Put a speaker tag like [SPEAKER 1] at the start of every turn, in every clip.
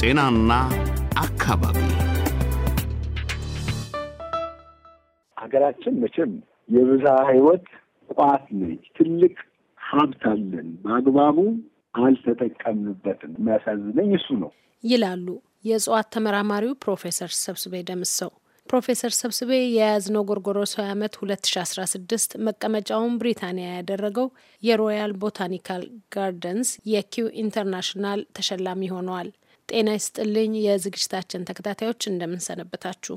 [SPEAKER 1] ጤናና አካባቢ ሀገራችን መቼም የብዝሃ ህይወት ቋት ነች። ትልቅ ሀብት አለን፣ በአግባቡ አልተጠቀምንበትም። የሚያሳዝነኝ እሱ ነው
[SPEAKER 2] ይላሉ የእጽዋት ተመራማሪው ፕሮፌሰር ሰብስቤ ደምሰው። ፕሮፌሰር ሰብስቤ የያዝነው ጎርጎሮሳዊ ዓመት 2016 መቀመጫውን ብሪታንያ ያደረገው የሮያል ቦታኒካል ጋርደንስ የኪው ኢንተርናሽናል ተሸላሚ ሆነዋል። ጤና ይስጥልኝ የዝግጅታችን ተከታታዮች እንደምንሰነበታችሁ።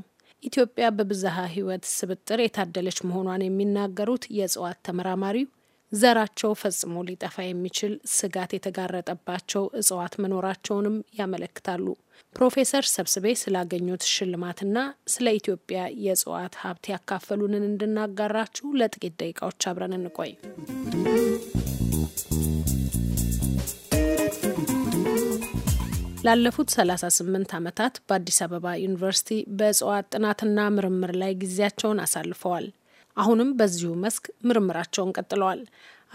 [SPEAKER 2] ኢትዮጵያ በብዝሃ ሕይወት ስብጥር የታደለች መሆኗን የሚናገሩት የእጽዋት ተመራማሪው ዘራቸው ፈጽሞ ሊጠፋ የሚችል ስጋት የተጋረጠባቸው እጽዋት መኖራቸውንም ያመለክታሉ። ፕሮፌሰር ሰብስቤ ስላገኙት ሽልማትና ስለ ኢትዮጵያ የእጽዋት ሀብት ያካፈሉንን እንድናጋራችሁ ለጥቂት ደቂቃዎች አብረን እንቆይ። ላለፉት 38 ዓመታት በአዲስ አበባ ዩኒቨርሲቲ በእጽዋት ጥናትና ምርምር ላይ ጊዜያቸውን አሳልፈዋል። አሁንም በዚሁ መስክ ምርምራቸውን ቀጥለዋል።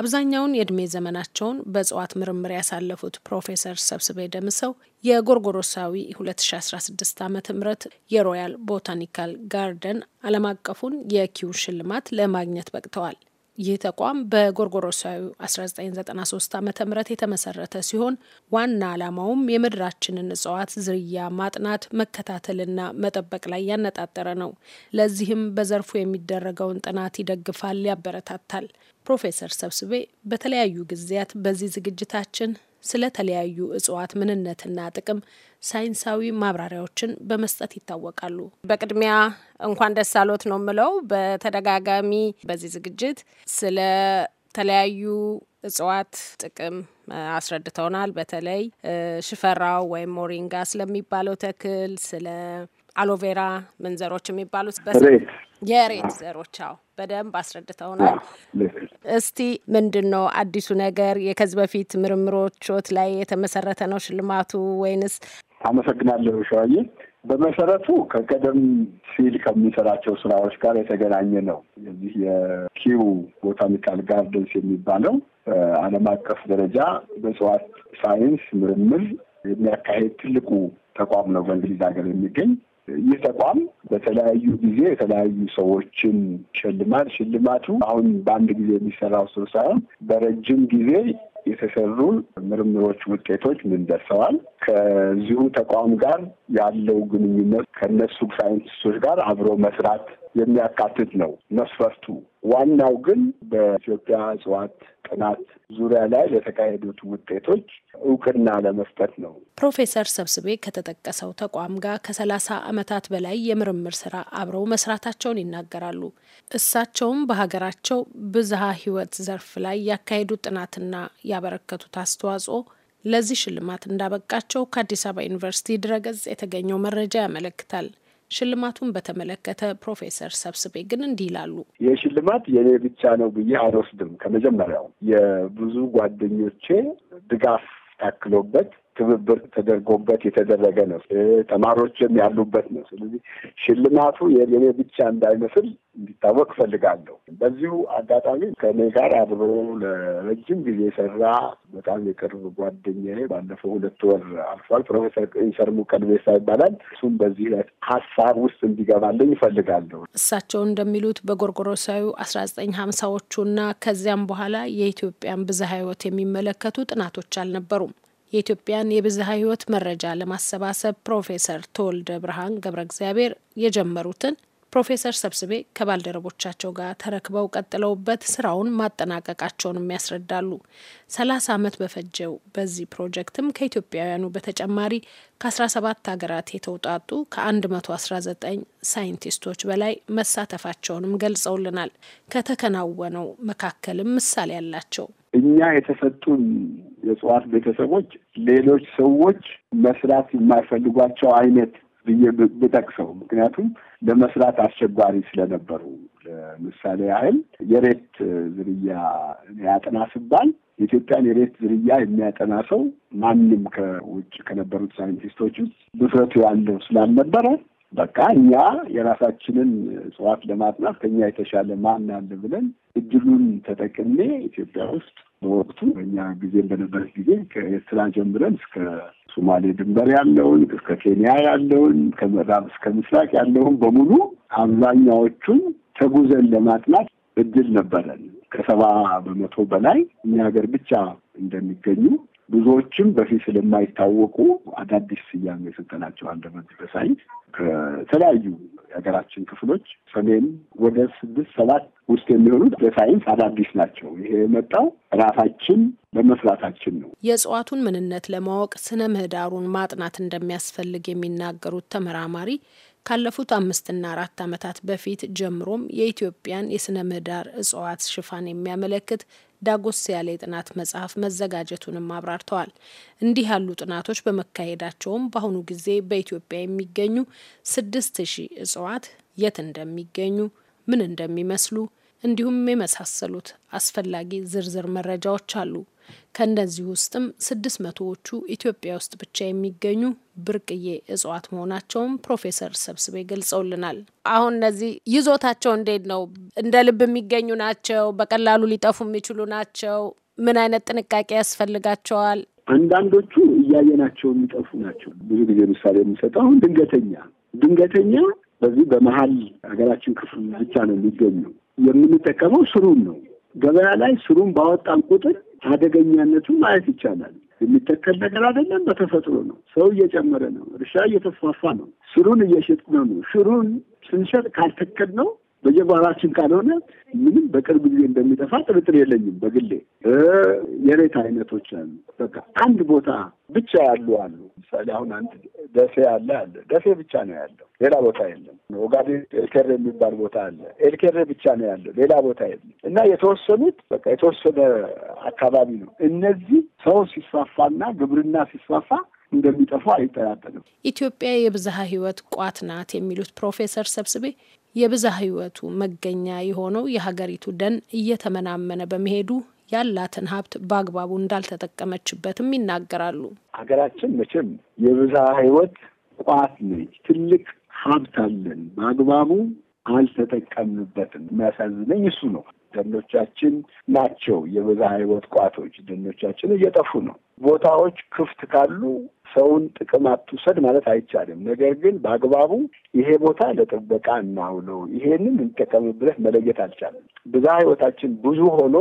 [SPEAKER 2] አብዛኛውን የእድሜ ዘመናቸውን በእጽዋት ምርምር ያሳለፉት ፕሮፌሰር ሰብስቤ ደምሰው የጎርጎሮሳዊ 2016 ዓ ም የሮያል ቦታኒካል ጋርደን ዓለም አቀፉን የኪው ሽልማት ለማግኘት በቅተዋል። ይህ ተቋም በጎርጎሮሳዊ 1993 ዓ ም የተመሰረተ ሲሆን ዋና ዓላማውም የምድራችንን እጽዋት ዝርያ ማጥናት መከታተልና መጠበቅ ላይ ያነጣጠረ ነው። ለዚህም በዘርፉ የሚደረገውን ጥናት ይደግፋል፣ ያበረታታል። ፕሮፌሰር ሰብስቤ በተለያዩ ጊዜያት በዚህ ዝግጅታችን ስለ ተለያዩ እጽዋት ምንነትና ጥቅም ሳይንሳዊ ማብራሪያዎችን በመስጠት ይታወቃሉ። በቅድሚያ እንኳን ደስ አሎት ነው የምለው። በተደጋጋሚ በዚህ ዝግጅት ስለ ተለያዩ እጽዋት ጥቅም አስረድተውናል። በተለይ ሽፈራው ወይም ሞሪንጋ ስለሚባለው ተክል፣ ስለ አሎቬራ ምንዘሮች የሚባሉት የሬት ዘሮች አዎ፣ በደንብ አስረድተውናል። እስቲ ምንድን ነው አዲሱ ነገር? የከዚህ በፊት ምርምሮችት ላይ የተመሰረተ ነው ሽልማቱ ወይንስ?
[SPEAKER 1] አመሰግናለሁ ሸዋዬ። በመሰረቱ ከቀደም ሲል ከሚሰራቸው ስራዎች ጋር የተገናኘ ነው። የዚህ የኪው ቦታኒካል ጋርደንስ የሚባለው ዓለም አቀፍ ደረጃ በእጽዋት ሳይንስ ምርምር የሚያካሄድ ትልቁ ተቋም ነው። በእንግሊዝ ሀገር የሚገኝ ይህ ተቋም በተለያዩ ጊዜ የተለያዩ ሰዎችን ሸልማል። ሽልማቱ አሁን በአንድ ጊዜ የሚሰራው ሰው ሳይሆን በረጅም ጊዜ የተሰሩ ምርምሮች ውጤቶች ምን ደርሰዋል፣ ከዚሁ ተቋም ጋር ያለው ግንኙነት ከነሱ ሳይንቲስቶች ጋር አብሮ መስራት የሚያካትት ነው መስፈርቱ። ዋናው ግን በኢትዮጵያ እጽዋት ጥናት ዙሪያ ላይ ለተካሄዱት ውጤቶች እውቅና ለመስጠት ነው።
[SPEAKER 2] ፕሮፌሰር ሰብስቤ ከተጠቀሰው ተቋም ጋር ከሰላሳ ዓመታት በላይ የምርምር ስራ አብረው መስራታቸውን ይናገራሉ። እሳቸውም በሀገራቸው ብዝሃ ህይወት ዘርፍ ላይ ያካሄዱት ጥናትና ያበረከቱት አስተዋጽኦ ለዚህ ሽልማት እንዳበቃቸው ከአዲስ አበባ ዩኒቨርሲቲ ድረገጽ የተገኘው መረጃ ያመለክታል። ሽልማቱን በተመለከተ ፕሮፌሰር ሰብስቤ ግን እንዲህ ይላሉ።
[SPEAKER 1] ይህ ሽልማት የኔ ብቻ ነው ብዬ አልወስድም። ከመጀመሪያው የብዙ ጓደኞቼ ድጋፍ ታክሎበት ትብብር ተደርጎበት የተደረገ ነው። ተማሪዎችም ያሉበት ነው። ስለዚህ ሽልማቱ የኔ ብቻ እንዳይመስል እንዲታወቅ እፈልጋለሁ። በዚሁ አጋጣሚ ከእኔ ጋር አብሮ ለረጅም ጊዜ የሰራ በጣም የቅርብ ጓደኛዬ ባለፈው ሁለት ወር አልፏል፣ ፕሮፌሰር ኢንሰር ቀድሜሳ ይባላል። እሱም በዚህ ሀሳብ ውስጥ እንዲገባልኝ እፈልጋለሁ።
[SPEAKER 2] እሳቸው እንደሚሉት በጎርጎሮሳዊ አስራ ዘጠኝ ሀምሳዎቹና ከዚያም በኋላ የኢትዮጵያን ብዝሃ ህይወት የሚመለከቱ ጥናቶች አልነበሩም። የኢትዮጵያን የብዝሃ ህይወት መረጃ ለማሰባሰብ ፕሮፌሰር ተወልደ ብርሃን ገብረ እግዚአብሔር የጀመሩትን ፕሮፌሰር ሰብስቤ ከባልደረቦቻቸው ጋር ተረክበው ቀጥለውበት ስራውን ማጠናቀቃቸውንም ያስረዳሉ። ሰላሳ ዓመት በፈጀው በዚህ ፕሮጀክትም ከኢትዮጵያውያኑ በተጨማሪ ከ17 ሀገራት የተውጣጡ ከ119 ሳይንቲስቶች በላይ መሳተፋቸውንም ገልጸውልናል። ከተከናወነው መካከልም ምሳሌ ያላቸው
[SPEAKER 1] እኛ የተሰጡን የእጽዋት ቤተሰቦች ሌሎች ሰዎች መስራት የማይፈልጓቸው አይነት ብዬ ብጠቅሰው፣ ምክንያቱም ለመስራት አስቸጋሪ ስለነበሩ። ለምሳሌ ያህል የሬት ዝርያ ያጥና ስባል የኢትዮጵያን የሬት ዝርያ የሚያጠና ሰው ማንም ከውጭ ከነበሩት ሳይንቲስቶች ውስጥ ብፍረቱ ያለው ስላልነበረ በቃ እኛ የራሳችንን እጽዋት ለማጥናት ከኛ የተሻለ ማን አለ ብለን እድሉን ተጠቅሜ ኢትዮጵያ ውስጥ በወቅቱ በእኛ ጊዜ በነበረ ጊዜ ከኤርትራ ጀምረን እስከ ሶማሌ ድንበር ያለውን እስከ ኬንያ ያለውን ከምዕራብ እስከ ምስራቅ ያለውን በሙሉ አብዛኛዎቹን ተጉዘን ለማጥናት እድል ነበረን። ከሰባ በመቶ በላይ እኛ ሀገር ብቻ እንደሚገኙ ብዙዎችም በፊት ስለማይታወቁ አዳዲስ ስያሜ የሰጠናቸዋል። አንደበት በሳይንስ ከተለያዩ የሀገራችን ክፍሎች ሰሜን ወደ ስድስት ሰባት ውስጥ የሚሆኑት ለሳይንስ አዳዲስ ናቸው። ይሄ የመጣው ራሳችን በመስራታችን ነው።
[SPEAKER 2] የእጽዋቱን ምንነት ለማወቅ ስነ ምህዳሩን ማጥናት እንደሚያስፈልግ የሚናገሩት ተመራማሪ ካለፉት አምስትና አራት ዓመታት በፊት ጀምሮም የኢትዮጵያን የስነ ምህዳር እጽዋት ሽፋን የሚያመለክት ዳጎስ ያለ የጥናት መጽሐፍ መዘጋጀቱንም አብራርተዋል። እንዲህ ያሉ ጥናቶች በመካሄዳቸውም በአሁኑ ጊዜ በኢትዮጵያ የሚገኙ ስድስት ሺህ እጽዋት የት እንደሚገኙ፣ ምን እንደሚመስሉ እንዲሁም የመሳሰሉት አስፈላጊ ዝርዝር መረጃዎች አሉ። ከእነዚህ ውስጥም ስድስት መቶዎቹ ኢትዮጵያ ውስጥ ብቻ የሚገኙ ብርቅዬ እጽዋት መሆናቸውም ፕሮፌሰር ሰብስቤ ገልጸውልናል። አሁን እነዚህ ይዞታቸው እንዴት ነው? እንደ ልብ የሚገኙ ናቸው? በቀላሉ ሊጠፉ የሚችሉ ናቸው? ምን አይነት ጥንቃቄ ያስፈልጋቸዋል?
[SPEAKER 1] አንዳንዶቹ እያየናቸው የሚጠፉ ናቸው። ብዙ ጊዜ ምሳሌ የሚሰጠው አሁን ድንገተኛ ድንገተኛ በዚህ በመሀል ሀገራችን ክፍል ብቻ ነው የሚገኙ። የምንጠቀመው ስሩን ነው። ገበያ ላይ ስሩን ባወጣን ቁጥር አደገኛነቱ ማየት ይቻላል። የሚተከል ነገር አይደለም፣ በተፈጥሮ ነው። ሰው እየጨመረ ነው። እርሻ እየተስፋፋ ነው። ስሩን እየሸጥነው ነው። ሽሩን ስንሸጥ ካልተከል ነው በጀባራችን ካልሆነ ምንም በቅርብ ጊዜ እንደሚጠፋ ጥርጥር የለኝም። በግሌ የሬት አይነቶች አሉ። በቃ አንድ ቦታ ብቻ ያሉ አሉ። ምሳሌ አሁን አንድ ደሴ አለ አለ ደሴ ብቻ ነው ያለው፣ ሌላ ቦታ የለም። ኦጋዴን ኤልኬሬ የሚባል ቦታ አለ፣ ኤልኬሬ ብቻ ነው ያለው፣ ሌላ ቦታ የለም። እና የተወሰኑት በቃ የተወሰነ አካባቢ ነው። እነዚህ ሰው ሲስፋፋና ግብርና ሲስፋፋ እንደሚጠፉ አይጠራጠርም።
[SPEAKER 2] ኢትዮጵያ የብዝሃ ህይወት ቋት ናት የሚሉት ፕሮፌሰር ሰብስቤ የብዝሃ ህይወቱ መገኛ የሆነው የሀገሪቱ ደን እየተመናመነ በመሄዱ ያላትን ሀብት በአግባቡ እንዳልተጠቀመችበትም ይናገራሉ።
[SPEAKER 1] ሀገራችን መቼም የብዝሃ ህይወት ቋት ነች። ትልቅ ሀብት አለን፣ በአግባቡ አልተጠቀምንበትም። የሚያሳዝነኝ እሱ ነው። ደኖቻችን ናቸው የብዝሃ ህይወት ቋቶች። ደኖቻችን እየጠፉ ነው። ቦታዎች ክፍት ካሉ ሰውን ጥቅም አትውሰድ ማለት አይቻልም። ነገር ግን በአግባቡ ይሄ ቦታ ለጥበቃ እናውለው፣ ይሄንን እንጠቀም ብለህ መለየት አልቻለም። ብዛ ህይወታችን ብዙ ሆኖ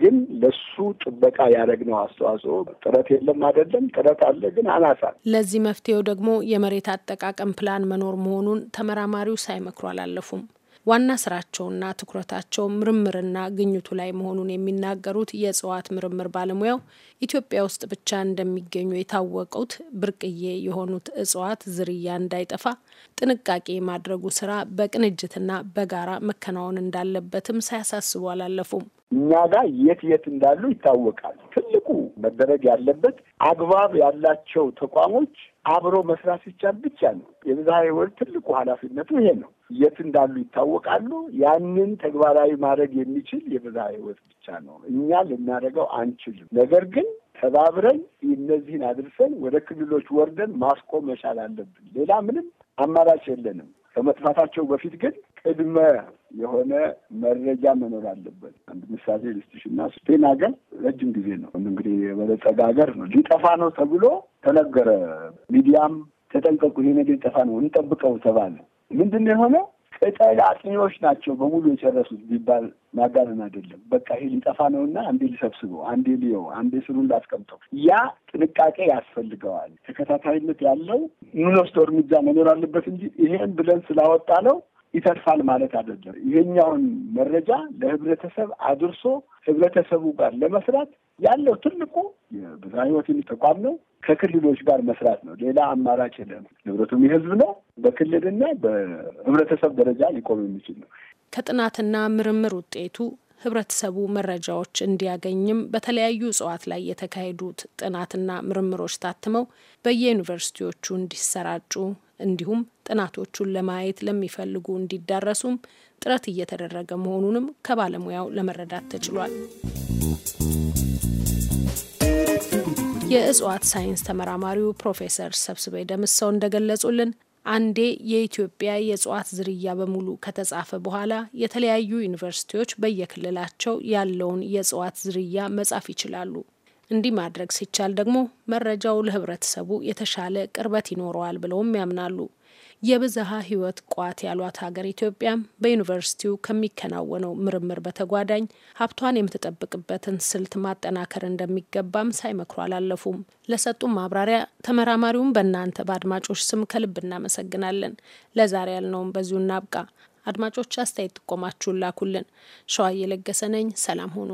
[SPEAKER 1] ግን ለሱ ጥበቃ ያደረግነው አስተዋጽኦ ጥረት የለም አይደለም። ጥረት አለ ግን አናሳ።
[SPEAKER 2] ለዚህ መፍትሄው ደግሞ የመሬት አጠቃቀም ፕላን መኖር መሆኑን ተመራማሪው ሳይመክሩ አላለፉም። ዋና ስራቸውና ትኩረታቸው ምርምርና ግኝቱ ላይ መሆኑን የሚናገሩት የእጽዋት ምርምር ባለሙያው ኢትዮጵያ ውስጥ ብቻ እንደሚገኙ የታወቁት ብርቅዬ የሆኑት እጽዋት ዝርያ እንዳይጠፋ ጥንቃቄ የማድረጉ ስራ በቅንጅትና በጋራ መከናወን እንዳለበትም ሳያሳስቡ አላለፉም።
[SPEAKER 1] እኛ ጋር የት የት እንዳሉ ይታወቃል። መደረግ ያለበት አግባብ ያላቸው ተቋሞች አብሮ መስራት ሲቻል ብቻ ነው። የብዝሃ ሕይወት ትልቁ ኃላፊነቱ ይሄ ነው። የት እንዳሉ ይታወቃሉ። ያንን ተግባራዊ ማድረግ የሚችል የብዝሃ ሕይወት ብቻ ነው። እኛ ልናደርገው አንችልም። ነገር ግን ተባብረን እነዚህን አድርሰን ወደ ክልሎች ወርደን ማስቆም መቻል አለብን። ሌላ ምንም አማራጭ የለንም። ከመጥፋታቸው በፊት ግን ቅድመ የሆነ መረጃ መኖር አለበት። አንድ ምሳሌ ልስትሽ እና ስፔን ሀገር ረጅም ጊዜ ነው እንግዲህ የበለጸገ ሀገር ነው። ሊጠፋ ነው ተብሎ ተነገረ። ሚዲያም ተጠንቀቁ፣ ይሄ ነገር ሊጠፋ ነው እንጠብቀው ተባለ። ምንድን ነው የሆነው? ቅጠል አጥኚዎች ናቸው በሙሉ የጨረሱት ቢባል ማጋነን አይደለም። በቃ ይሄ ሊጠፋ ነውና አንዴ ሊሰብስበው፣ አንዴ ሊየው፣ አንዴ ስሩን ላስቀምጠው። ያ ጥንቃቄ ያስፈልገዋል። ተከታታይነት ያለው የምንወስደው እርምጃ መኖር አለበት እንጂ ይሄን ብለን ስላወጣ ነው ይተርፋል ማለት አይደለም። ይሄኛውን መረጃ ለህብረተሰብ አድርሶ ህብረተሰቡ ጋር ለመስራት ያለው ትልቁ የብዝሃ ህይወት ተቋም ነው። ከክልሎች ጋር መስራት ነው። ሌላ አማራጭ የለም። ንብረቱም የህዝብ ነው። በክልልና በህብረተሰብ ደረጃ ሊቆም የሚችል ነው።
[SPEAKER 2] ከጥናትና ምርምር ውጤቱ ህብረተሰቡ መረጃዎች እንዲያገኝም በተለያዩ እጽዋት ላይ የተካሄዱት ጥናትና ምርምሮች ታትመው በየዩኒቨርሲቲዎቹ እንዲሰራጩ እንዲሁም ጥናቶቹን ለማየት ለሚፈልጉ እንዲዳረሱም ጥረት እየተደረገ መሆኑንም ከባለሙያው ለመረዳት ተችሏል። የእጽዋት ሳይንስ ተመራማሪው ፕሮፌሰር ሰብስቤ ደምሰው እንደገለጹልን አንዴ የኢትዮጵያ የእጽዋት ዝርያ በሙሉ ከተጻፈ በኋላ የተለያዩ ዩኒቨርሲቲዎች በየክልላቸው ያለውን የእጽዋት ዝርያ መጻፍ ይችላሉ። እንዲህ ማድረግ ሲቻል ደግሞ መረጃው ለህብረተሰቡ የተሻለ ቅርበት ይኖረዋል ብለውም ያምናሉ። የብዝሃ ህይወት ቋት ያሏት ሀገር ኢትዮጵያም በዩኒቨርሲቲው ከሚከናወነው ምርምር በተጓዳኝ ሀብቷን የምትጠብቅበትን ስልት ማጠናከር እንደሚገባም ሳይመክሩ አላለፉም። ለሰጡም ማብራሪያ ተመራማሪውም በእናንተ በአድማጮች ስም ከልብ እናመሰግናለን። ለዛሬ ያልነውም በዚሁ እናብቃ። አድማጮች አስተያየት ጥቆማችሁን ላኩልን። ሸዋ እየለገሰ ነኝ። ሰላም ሁኑ።